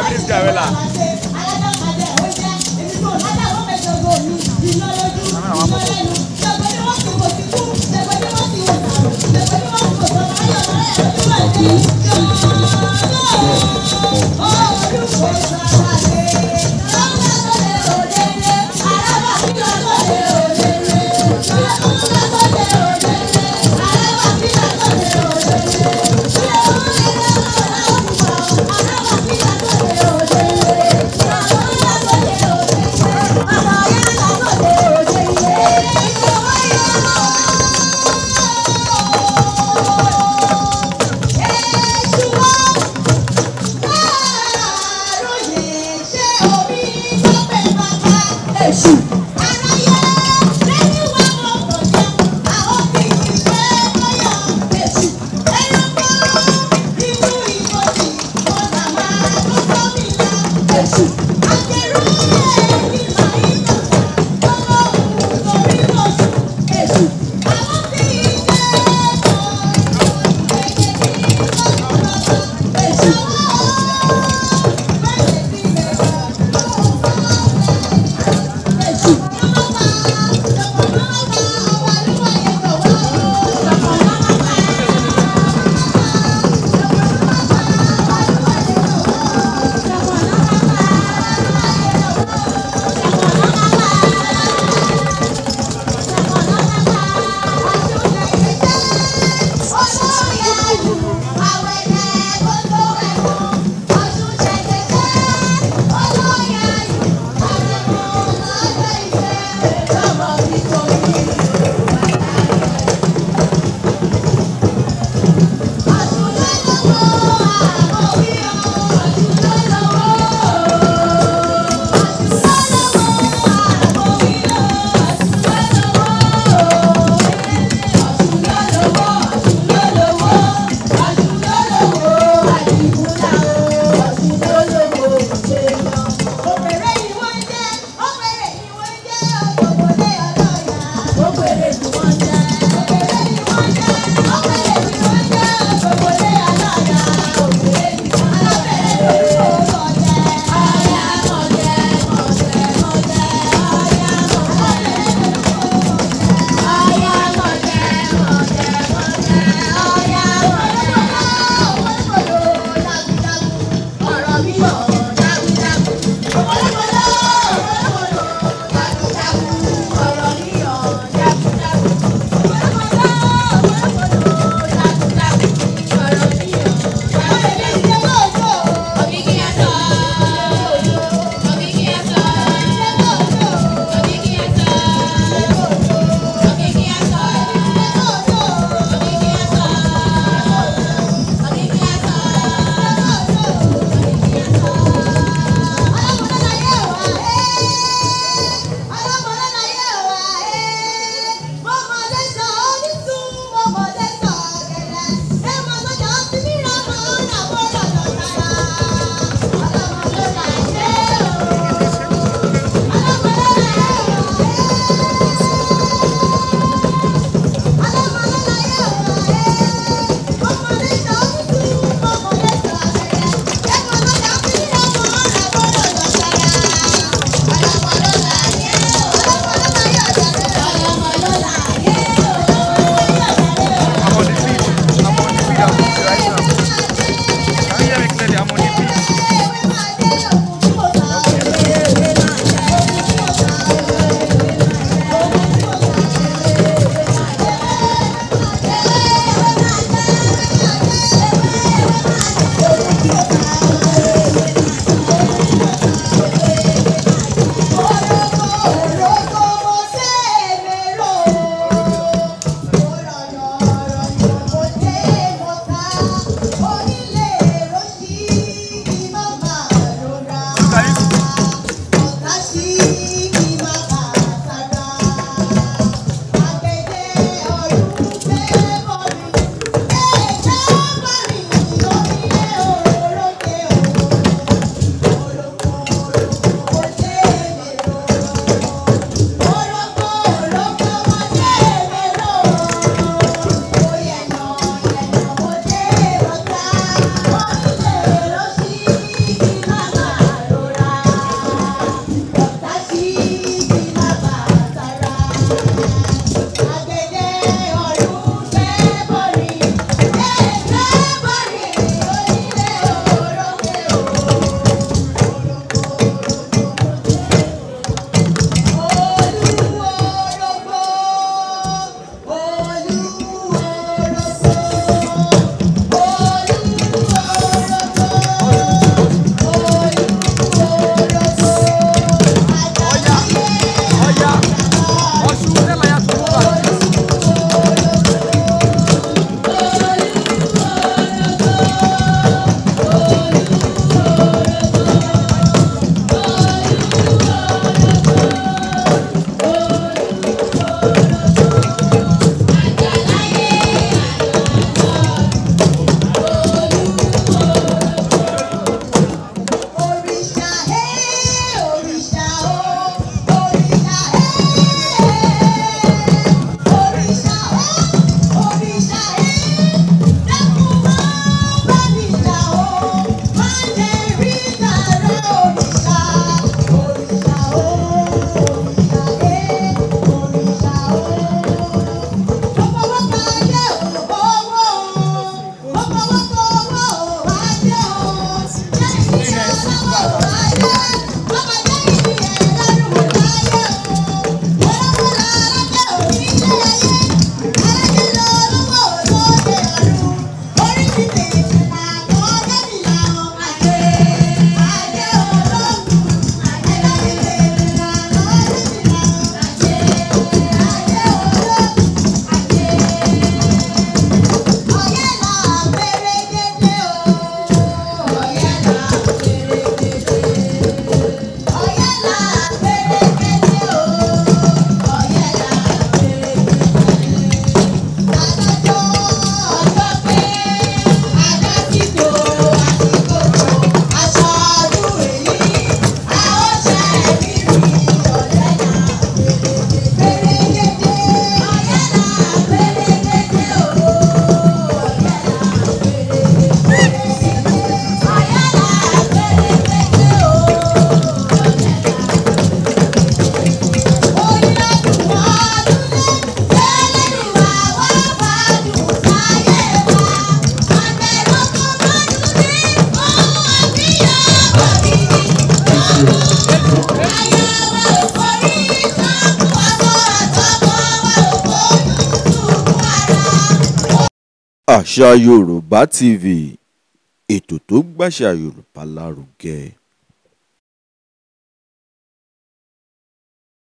sabi dis guy wella. Thank you. àṣà yorùbá tv ètò tó gbàṣà yorùbá lárugẹ